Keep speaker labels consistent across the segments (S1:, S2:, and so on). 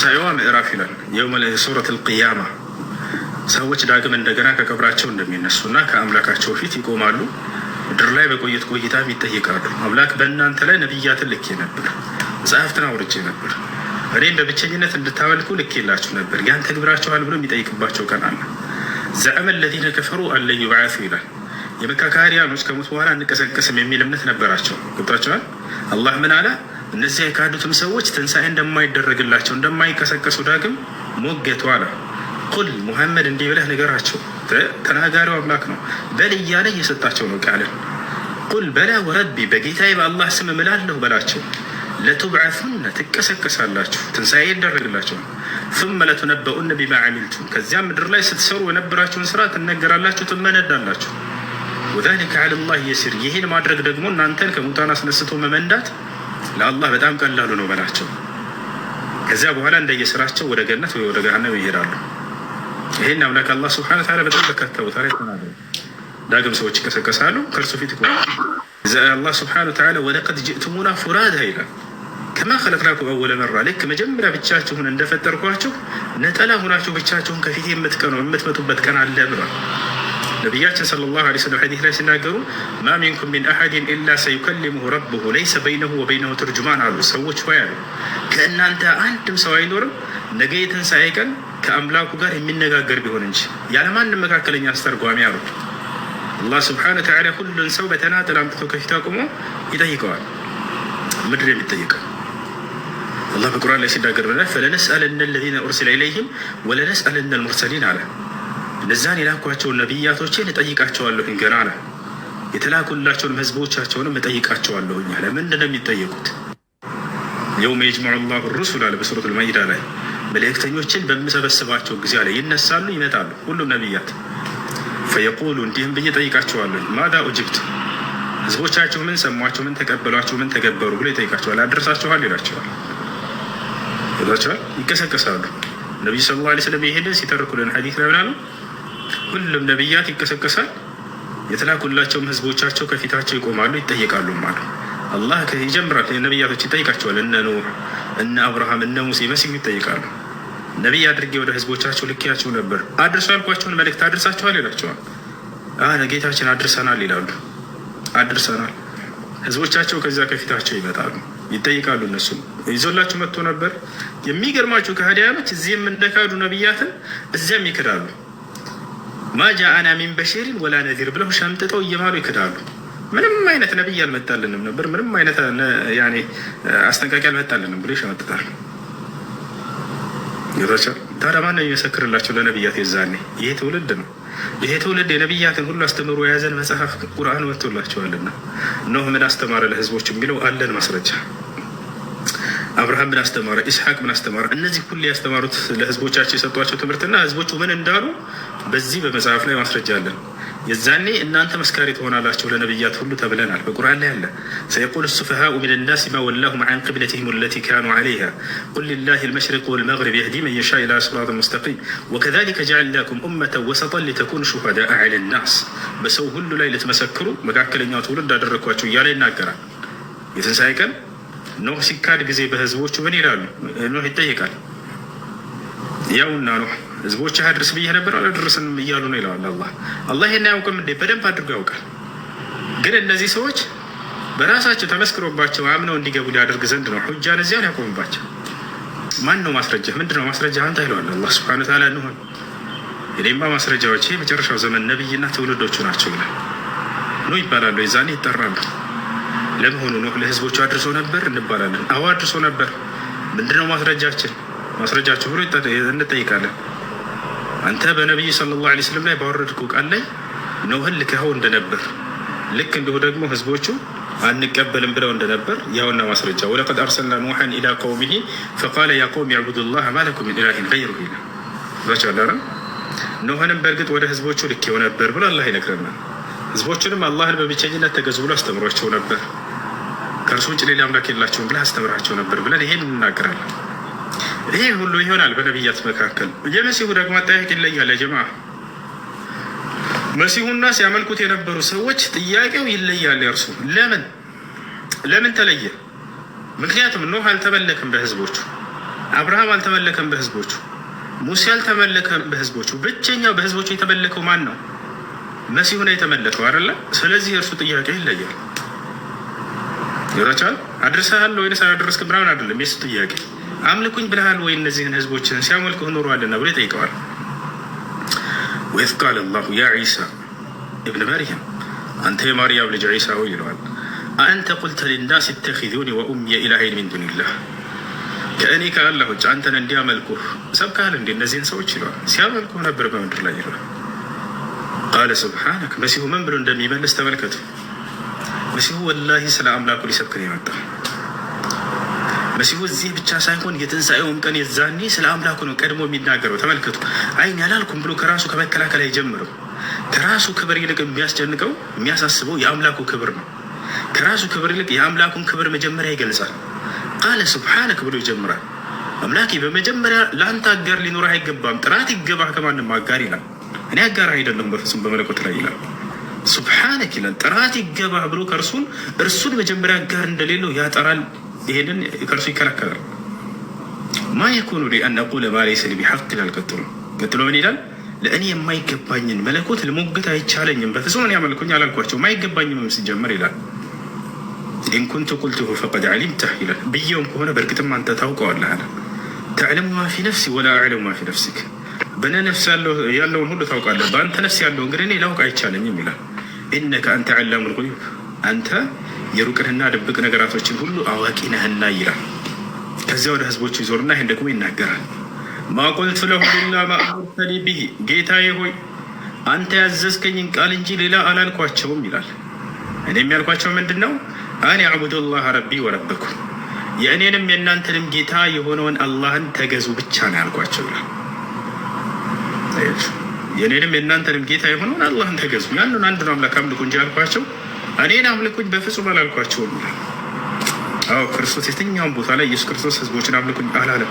S1: ትንሣኤዋ ምዕራፍ ይላል የውመ ሱረት ልቅያማ ሰዎች ዳግም እንደገና ከቀብራቸው እና ከአምላካቸው ፊት ይቆማሉ። ምድር ላይ በቆየት ቆይታም ይጠይቃሉ። አምላክ በእናንተ ላይ ነቢያትን ልኬ ነበር፣ መጽሐፍትን አውርቼ ነበር፣ እኔም በብቸኝነት እንድታመልኩ ልኬላችሁ ነበር፣ ያን ተግብራችኋል ብሎ የሚጠይቅባቸው ቀን አለ። ዘዕመ ለዚነ ከፈሩ አለን ዩብዓሱ ይላል። የመካካሪያኖች ከሞት በኋላ አንቀሰቀስም የሚል እምነት ነበራቸው። ገብቷቸዋል። አላህ ምን አለ? እነዚያ የካዱትም ሰዎች ትንሣኤ እንደማይደረግላቸው እንደማይቀሰቀሱ ዳግም ሞገቱ አለ። ቁል ሙሐመድ እንዲህ ብለህ ንገራቸው፣ ተናጋሪው አምላክ ነው። በል እያለ እየሰጣቸው ነው ቃልን። ቁል በላ ወረቢ በጌታዬ በአላህ ስም እምላለሁ በላቸው። ለቱብዓሱነ ትቀሰቀሳላችሁ፣ ትንሣኤ ይደረግላቸው። ثم ለቱነበኡነ ቢማ ዓሚልቱም ከዚያ ምድር ላይ ስትሰሩ የነበራችሁን ስራ ትነገራላችሁ፣ ትመነዳላችሁ። ወዛሊከ ዓለላህ የሲር ይህን ማድረግ ደግሞ እናንተን ከሙታን አስነስቶ መመንዳት ለአላህ በጣም ቀላሉ ነው በላቸው። ከዚያ በኋላ እንደየስራቸው ወደ ገነት ወይ ወደ ገሃነም ይሄዳሉ። ይህን አምላክ አላህ ስብሐነ ተዓላ በጣም በርካታ ቦታ ዳግም ሰዎች ይቀሰቀሳሉ ከእርሱ ፊት አላህ ስብሐነ ተዓላ ወለቀድ ጅእቱሙና ፉራዳ ይላል ከማ ኸለቅናኩም አወለ መራ ልክ መጀመሪያ ብቻችሁን እንደፈጠርኳችሁ ነጠላ ሆናችሁ ብቻችሁን ከፊት የምትቀኑ የምትመጡበት ቀን አለ ብሏል። ነቢያችን ሰለላሁ ዐለይሂ ወሰለም ሐዲስ ላይ ሲናገሩ ማ ሚንኩም ሚን አሐድን ኢላ ሰዩከሊሙሁ ረብሁ ለይሰ በይነሁ ወበይነሁ ትርጅማን አሉ። ሰዎች ሆይ አሉ ከእናንተ አንድም ሰው አይኖርም ነገ የትንሣኤ ቀን ከአምላኩ ጋር የሚነጋገር ቢሆን እንጂ ያለማንም መካከለኛ አስተርጓሚ አሉ። አላህ ስብሐነ ወተዓላ ሁሉን ሰው በተናጠል አምጥቶ ከፊት አቁሞ ይጠይቀዋል። ምድር የሚጠይቀው አላህ በቁርአን ላይ ሲናገር ብናል ፈለነስአለነ ለዚነ ኡርሲለ ኢለይሂም ወለነስአለነ ልሙርሰሊን አለ። እነዛን የላኳቸውን ነቢያቶችን እጠይቃቸዋለሁ ገና አለ። የተላኩላቸውን ህዝቦቻቸውንም እጠይቃቸዋለሁ። ለምንድን ነው የሚጠየቁት? የውም የጅማዑ ላሁ ሩሱል አለ በሱረቱል ማኢዳ ላይ መልእክተኞችን በምሰበስባቸው ጊዜ አለ ይነሳሉ፣ ይመጣሉ ሁሉም ነቢያት ፈየቁሉ እንዲህም ብዬ ጠይቃቸዋለሁ። ማዳ ኡጅብት ህዝቦቻቸው ምን ሰሟቸው፣ ምን ተቀበሏቸው፣ ምን ተገበሩ ብሎ ይጠይቃቸዋል። አደርሳችኋል ይላቸዋል፣ ይላቸዋል፣ ይቀሰቀሳሉ። ነቢዩ ሰለላሁ ዓለይሂ ወሰለም ይሄንን ሲተርኩልን ሐዲስ ላይ ምናሉ ሁሉም ነቢያት ይቀሰቀሳል። የተላኩላቸውም ህዝቦቻቸው ከፊታቸው ይቆማሉ ይጠየቃሉ። ማለት አላህ ይጀምራል። ነቢያቶች ይጠይቃቸዋል። እነ ኑህ፣ እነ አብርሃም፣ እነ ሙሴ፣ መሲሁ ይጠይቃሉ። ነቢይ አድርጌ ወደ ህዝቦቻቸው ልኪያቸው ነበር። አድርሶ ያልኳቸውን መልእክት አድርሳቸዋል ይላቸዋል። አነ ጌታችን አድርሰናል ይላሉ። አድርሰናል። ህዝቦቻቸው ከዚያ ከፊታቸው ይመጣሉ ይጠይቃሉ። እነሱ ይዞላችሁ መጥቶ ነበር። የሚገርማችሁ ከሀዲያኖች እዚህም እንደካዱ ነቢያትን እዚያም ይክዳሉ። ማጃአና ሚን በሽሪን ወላ ነዚር ብለው ሸምጥጠው እየማሉ ይክዳሉ። ምንም አይነት ነቢይ አልመጣልንም ነበር፣ ምንም አይነት አስጠንቃቂ አልመጣልንም ብሎ ይሸመጥጣል። ታዲያ ማን ነው የሚመሰክርላቸው ለነቢያት? የዛኔ ይሄ ትውልድ ነው። ይሄ ትውልድ የነቢያትን ሁሉ አስተምሮ የያዘን መጽሐፍ ቁርአን ወጥቶላቸዋልና ኖህ ምን አስተማረ ለህዝቦች የሚለው አለን ማስረጃ አብርሃም ምን አስተማረ? ኢስሐቅ ምን አስተማረ? እነዚህ ሁሉ ያስተማሩት ለህዝቦቻቸው የሰጧቸው ትምህርትና ህዝቦቹ ምን እንዳሉ በዚህ በመጽሐፍ ላይ ማስረጃ አለን። የዛኔ እናንተ መስካሪ ትሆናላቸው ለነብያት ሁሉ ተብለናል። በቁርአን ላይ አለ። ሰየቁል ሱፈሃኡ ሚን ናሲ ማ ወላሁም አን ቅብለትህም ለቲ ካኑ ዓለይሃ ቁል ሊላሂ ልመሽሪቅ ወልመግሪብ የህዲ መን የሻ ኢላ ስራጥ ሙስተቂም ወከዛሊከ ጀዓልናኩም ኡመተን ወሰጠን ሊተኩኑ ሹሃዳአ ዐለ ናስ በሰው ሁሉ ላይ ልትመሰክሩ መካከለኛው ትውልድ እንዳደረግኳችሁ እያለ ይናገራል። የትንሣኤ ቀን ኖህ ሲካድ ጊዜ በህዝቦቹ ምን ይላሉ? ኖህ ይጠይቃል። ያውና ኖህ ህዝቦች አድርስ ብዬ ነበር አላደርስንም እያሉ ነው ይለዋል። አላህ አላህ ይሄን አያውቅም እንዴ? በደንብ አድርጎ ያውቃል። ግን እነዚህ ሰዎች በራሳቸው ተመስክሮባቸው አምነው እንዲገቡ ሊያደርግ ዘንድ ነው ሁጃን እዚያን ያቆምባቸው። ማን ነው ማስረጃ? ምንድን ነው ማስረጃ? አንተ ይለዋል አላህ ስብሐነ ወተዓላ ንሆን እኔማ ማስረጃዎች የመጨረሻው ዘመን ነቢይና ትውልዶቹ ናቸው ይላል። ኖህ ይባላሉ። የዛኔ ይጠራሉ። ለመሆኑ ኖህ ለህዝቦቹ አድርሶ ነበር እንባላለን። አዎ አድርሶ ነበር። ምንድነው ማስረጃችን? ማስረጃችሁ ብሎ እንጠይቃለን። አንተ በነቢዩ ሰለላሁ ዐለይሂ ወሰለም ላይ ባወረድኩ ቃል ላይ ኖህን ልከኸው እንደነበር ልክ እንዲሁ ደግሞ ህዝቦቹ አንቀበልም ብለው እንደነበር ያውና ማስረጃ ወለቀድ አርሰልና ኑሐን ኢላ ቀውሚሂ ፈቃለ ያ ቀውም ያዕቡዱላህ ማለኩ ሚን ኢላሂን ገይሩሁ ይላል። ዛቻለረ ኖህንም በእርግጥ ወደ ህዝቦቹ ልኬው ነበር ብሎ አላህ ይነግረናል። ህዝቦቹንም አላህን በብቸኝነት ተገዙ ብሎ አስተምሯቸው ነበር። ከእርሱ ውጭ ሌላ አምላክ የላቸውም ብለህ አስተምራቸው ነበር ብለን ይሄን እናገራለን። ይሄ ሁሉ ይሆናል በነቢያት መካከል። የመሲሁ ደግሞ አጠያቂ ይለያል። ጀማ መሲሁና ሲያመልኩት የነበሩ ሰዎች ጥያቄው ይለያል። እርሱ ለምን ለምን ተለየ? ምክንያቱም ኖህ አልተመለከም በህዝቦቹ፣ አብርሃም አልተመለከም በህዝቦቹ፣ ሙሴ አልተመለከም በህዝቦቹ። ብቸኛው በህዝቦቹ የተመለከው ማን ነው? መሲሁ ነው የተመለከው አይደለ? ስለዚህ እርሱ ጥያቄ ይለያል። ይሮቻል አድርሰሃል ወይንስ አላደረስክም ምናምን አይደለም የሱ ጥያቄ። አምልኩኝ ብለሃል ወይ እነዚህን ህዝቦችን ሲያመልኩ ኖሯልና ብሎ ይጠይቀዋል። ወይስ ቃል አላሁ ያ ዒሳ እብን መርየም አንተ የማርያም ልጅ ዒሳ ሆይ ይለዋል። አንተ ቁልተ ልናስ ተኪዙኒ ወኡምየ ኢላሀይን ሚን ዱኒላህ ከእኔ ከአላህ ውጭ አንተን እንዲያመልኩ ሰብካህል እንዲ እነዚህን ሰዎች ይለዋል። ሲያመልኩህ ነበር በምድር ላይ ይለዋል። ቃለ ስብሓነክ መሲሁ ምን ብሎ እንደሚመልስ ተመልከቱ። መሲሁ ወላሂ ስለ አምላኩ ሊሰብክ ነው የመጣ። መሲሁ እዚህ ብቻ ሳይሆን የትንሣኤውም ቀን የዛኔ ስለ አምላኩ ነው ቀድሞ የሚናገረው። ተመልከቱ፣ አይን ያላልኩም ብሎ ከራሱ ከመከላከል አይጀምርም። ከራሱ ክብር ይልቅ የሚያስጨንቀው የሚያሳስበው የአምላኩ ክብር ነው። ከራሱ ክብር ይልቅ የአምላኩን ክብር መጀመሪያ ይገልጻል። ቃለ ስብሓነክ ብሎ ይጀምራል። አምላኬ በመጀመሪያ ለአንተ አጋር ሊኖረህ አይገባም፣ ጥራት ይገባህ ከማንም አጋር ይላል። እኔ አጋር አይደለም በፍጹም በመለኮት ላይ ይላል። ሱብሓነክ ይላል። ጥራት ይገባ ብሎ ከእርሱን እርሱን መጀመሪያ ጋር እንደሌለው ያጠራል። ይሄንን ከእርሱ ይከራከራል። ማ የኩኑ ሊ አን አቁለ ማ ለይሰ ሊ ቢሐቅ ይላል። ቀጥሎ ቀጥሎ ምን ይላል? ለእኔ የማይገባኝን መለኮት ልሞግት አይቻለኝም። በፍጹም እኔ ያመልኩኝ አላልኳቸው የማይገባኝም ሲጀመር ይላል። ኢን ኩንቱ ፈቀድ ዓሊምተህ ይላል። ብየውም ከሆነ በእርግጥም አንተ ታውቀዋለህ አለ። ተዕለሙ ማ ፊ ነፍሲ ወላ አዕለሙ ማ ፊ ነፍሲክ በእኔ ነፍስ ያለውን ሁሉ ታውቃለህ፣ በአንተ ነፍስ ያለውን ግን እኔ ላውቅ አይቻለኝም ይላል እነከ አንተ ዐላሙል ጉዩብ አንተ የሩቅንና ድብቅ ነገራቶችን ሁሉ አዋቂ ነህና ይላል። ከዚያ ወደ ህዝቦቹ ይዞርና ይህን ደግሞ ይናገራል። ማቆልት ለሁሉና ላ ብሂ ጌታዬ ሆይ አንተ ያዘዝከኝን ቃል እንጂ ሌላ አላልኳቸውም ይላል። እኔ የሚያልኳቸው ምንድን ነው? አን ያዕቡዱ ረቢ ወረበኩም የእኔንም የእናንተንም ጌታ የሆነውን አላህን ተገዙ ብቻ ነው ያልኳቸው ይላል። የኔንም የእናንተንም ጌታ የሆነውን አላህን ተገዙ፣ ያንን አንድ ነው አምላክ አምልኩ እንጂ አልኳቸው። እኔን አምልኩኝ በፍጹም አላልኳቸውም። አዎ ክርስቶስ የትኛውን ቦታ ላይ ኢየሱስ ክርስቶስ ህዝቦችን አምልኩኝ አላለም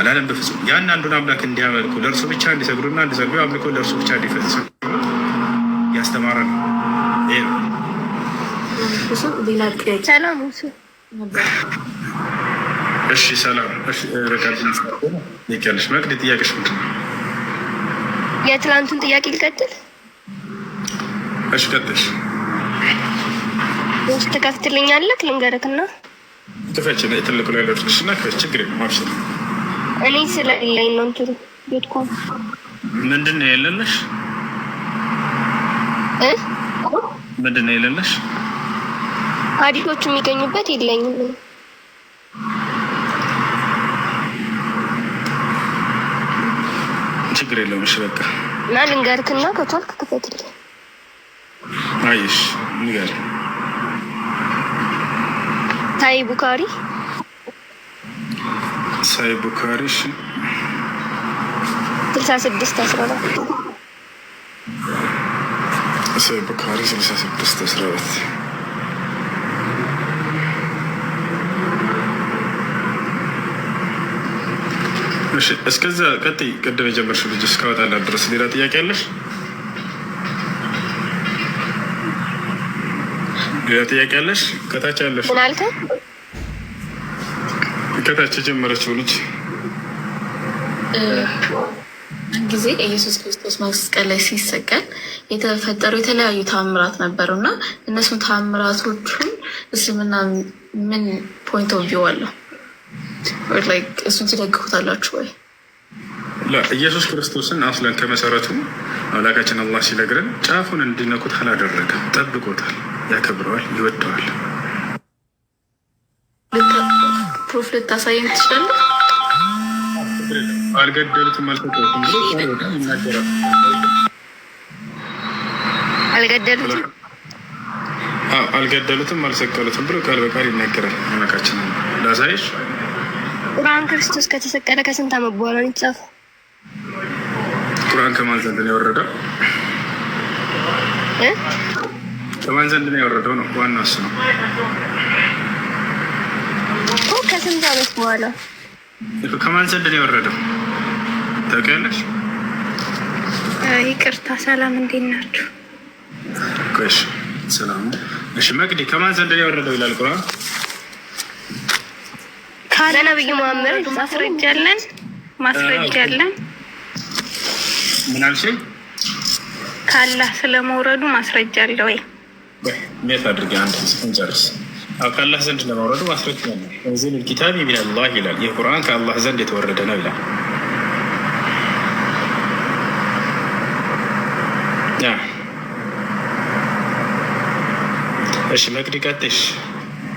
S1: አላለም በፍጹም። ያን አንዱን አምላክ እንዲያመልኩ ለእርሱ ብቻ እንዲሰግዱና እንዲሰግዱ አምልኮ ለእርሱ ብቻ እንዲፈጽም ያስተማረ ነው። እሺ ሰላም። እሺ ረጋጅ ይቀልሽ መቅድ ጥያቄሽ ምንድን ነው?
S2: የትላንቱን ጥያቄ ልቀጥል? እሺ ቀጥል። ውስጥ ትከፍትልኛለህ? ልንገርክና
S1: ትፈች ትልቁ ላይ ለድርሽ ና ክፈች። ችግር ማብሽል
S2: እኔ ስለሌለኝ ነው። እንትሩ ቢትኮይን
S1: ምንድን ነው የሌለሽ? ምንድን ነው የሌለሽ?
S2: አዲሶቹ የሚገኙበት የለኝም።
S1: ችግር የለውም። እሺ በቃ
S2: እና ልንገርክና ከቻልክ ክፈትልኝ።
S1: አይሽ ንገር ሳይ ቡካሪ ሳይ ቡካሪ እሺ
S2: ስልሳ ስድስት አስራ አራት
S1: ሳይ ቡካሪ ስልሳ ስድስት አስራ አራት እሺ እስከዛ ቀጥይ። ቅድም የጀመርሽው ልጅ እስካወጣላት ድረስ ሌላ ጥያቄ አለሽ? ሌላ ጥያቄ አለሽ? ከታች አለሽ? ከታች የጀመረችው ልጅ
S2: ጊዜ ኢየሱስ ክርስቶስ መስቀል ላይ ሲሰቀል የተፈጠሩ የተለያዩ ታምራት ነበሩ እና እነሱን ታምራቶቹን እስልምና ምን ፖይንት ኦፍ ቪው አለው? እሱን ትደግፉታላችሁ ወይ?
S1: ኢየሱስ ክርስቶስን አስለን ከመሰረቱ አምላካችን አላህ ሲነግረን ጫፉን እንዲነኩት አላደረገም። ጠብቆታል፣ ያከብረዋል፣ ይወደዋል።
S2: ፕሮፍ ልታሳየን ትችላለህ?
S1: አልገደሉትም አልገደሉትም አልገደሉትም አልሰቀሉትም ብሎ ቃል በቃል ይናገራል አምላካችን ላሳይሽ
S2: ቁርአን ክርስቶስ ከተሰቀለ ከስንት ዓመት በኋላ ነው የተጻፈው?
S1: ቁርአን ከማን ዘንድ ነው የወረደው? ከማን ዘንድ ነው የወረደው ነው ዋናው እሱ ነው
S2: እኮ። ከስንት ዓመት በኋላ
S1: ከማን ዘንድ ነው የወረደው ታውቂያለሽ?
S2: ይቅርታ ሰላም፣ እንዴት ናችሁ?
S1: ሰላም። እሺ መቅዲ ከማን ዘንድ ነው የወረደው ይላል ቁርአን
S2: ነብዩ መሀመድ ማስረጃለን ማስረጃለን ምን አልሽኝ? ካላህ ስለመውረዱ ማስረጃ አለ ወይ?
S1: ሜት አድርጌ አንድ ስንጨርስ ከአላህ ዘንድ ለመውረዱ ማስረጃ አለ። ልኪታብ ኪታብ ሚንላህ ይላል። ይህ ቁርአን ከአላህ ዘንድ የተወረደ ነው ይላል። እሺ መቅዲ ቀጥሽ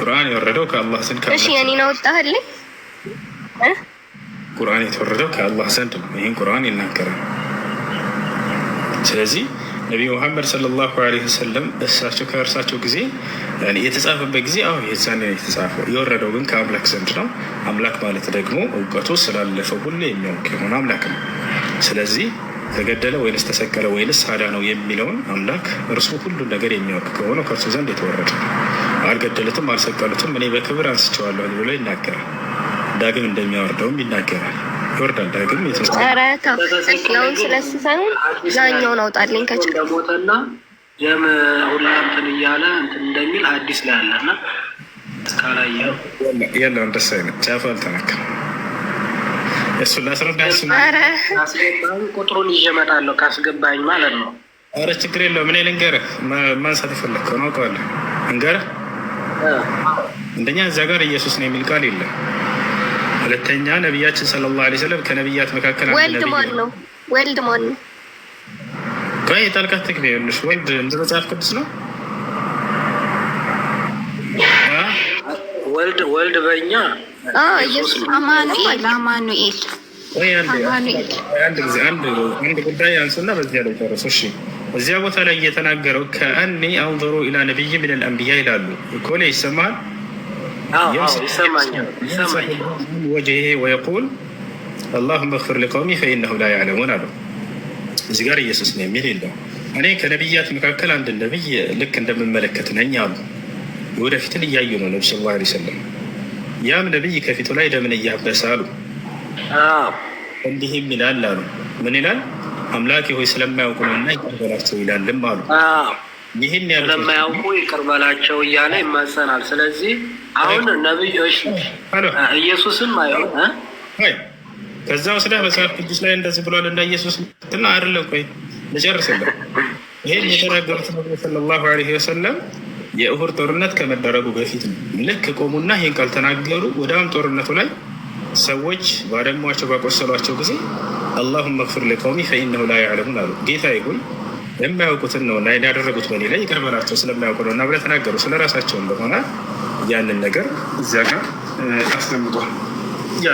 S1: ቁርአን የወረደው ከአላህ ዘንድ
S2: ነው። እሺ እኔን አወጣህልኝ።
S1: ቁርአን የተወረደው ከአላህ ዘንድ ነው። ይህን ቁርአን ይናገራል። ስለዚህ ነቢዩ ሙሐመድ ሰለላሁ ዐለይሂ ወሰለም እሳቸው ከእርሳቸው ጊዜ የተጻፈበት ጊዜ አሁ የዛኔ የተጻፈው የወረደው ግን ከአምላክ ዘንድ ነው። አምላክ ማለት ደግሞ እውቀቱ ስላለፈው ሁሉ የሚያውቅ የሆነ አምላክ ነው። ስለዚህ ተገደለ ወይንስ ተሰቀለ ወይንስ አዳ ነው የሚለውን አምላክ እርሱ ሁሉን ነገር የሚያውቅ ከሆነ ከእርሱ ዘንድ የተወረደ አልገደሉትም፣ አልሰቀሉትም እኔ በክብር አንስቸዋለሁ ብሎ ይናገራል። ዳግም እንደሚያወርደውም ይናገራል። ይወርዳል። ዳግም
S2: የተሰቀለውን ስለስሰኑ ዛኛውን አውጣልኝ ከችል
S3: ሁላ እንትን እያለ እንደሚል አዲስ ላይ አለና እስካላየ
S1: የለም ደስ አይነት ጫፍ አልተነካም። እሱ ላስረዳ
S3: ቁጥሩን ይዤ እመጣለሁ ካስገባኝ ማለት ነው።
S1: ኧረ ችግር የለውም። እኔ ልንገርህ ማንሳት የፈለግከው ነው አውቀዋለሁ። ልንገርህ አንደኛ እዚያ ጋር ኢየሱስ ነው የሚል ቃል የለም። ሁለተኛ ነቢያችን ሰለላሁ ዐለይሂ ወሰለም ከነቢያት መካከል
S2: ወልድ ማን ነው? ወልድ ማን ነው?
S1: ቆይ ትግቢ ወልድ እንደ መጽሐፍ ቅዱስ ነው
S3: ወልድ ወልድ በእኛ
S1: አንድ ጉዳይ አንሱና በዚያ ላይ ደረሱ። እሺ እዚያ ቦታ ላይ እየተናገረው ከአኒ አንظሩ ኢላ ነቢይ ምን ልአንብያ ይላሉ እኮ ላይ ይሰማል ወጀሄ ወየቁል አላሁመ እግፊር ሊቀውሚ ፈኢነሁ ላ ያዕለሙን አለው። እዚህ ጋር ኢየሱስ ነው የሚል የለው። እኔ ከነቢያት መካከል አንድ ነቢይ ልክ እንደምመለከት ነኝ አሉ ወደፊትን እያዩ ነው ነብ ስለ ላ ሰለም። ያም ነቢይ ከፊቱ ላይ ደምን እያበሰ አሉ። እንዲህም ይላል አሉ። ምን ይላል? አምላክ ሆይ ስለማያውቁ ነውና ይቅር በላቸው ይላልም አሉ። ይህን
S3: ስለማያውቁ ይቅር በላቸው እያለ ይመሰናል። ስለዚህ አሁን ነብዮች ኢየሱስም አይ
S1: ከዛ ወስዳ መጽሐፍ ቅዱስ ላይ እንደዚህ ብሏል እንደ ኢየሱስ ትና አይደለም። ቆይ ልጨርስልህ። ይህን የተናገሩት ነቢ ስለ ላሁ ዐለይሂ ወሰለም የእሁድ ጦርነት ከመደረጉ በፊት ነው። ልክ ቆሙና ይህን ቃል ተናገሩ። ወዲያውም ጦርነቱ ላይ ሰዎች ባደሟቸው ባቆሰሏቸው ጊዜ አላሁም መክፍር ሊቀውሚ ፈኢነሁ ላ ያዕለሙን አሉ። ጌታ ይሁን የማያውቁትን ነው እና ያደረጉት በኔ ላይ ይቅር በላቸው ስለማያውቁ ነውና ብለህ ተናገሩ። ስለ ራሳቸው እንደሆነ ያንን ነገር እዚያ ጋር አስቀምጧል።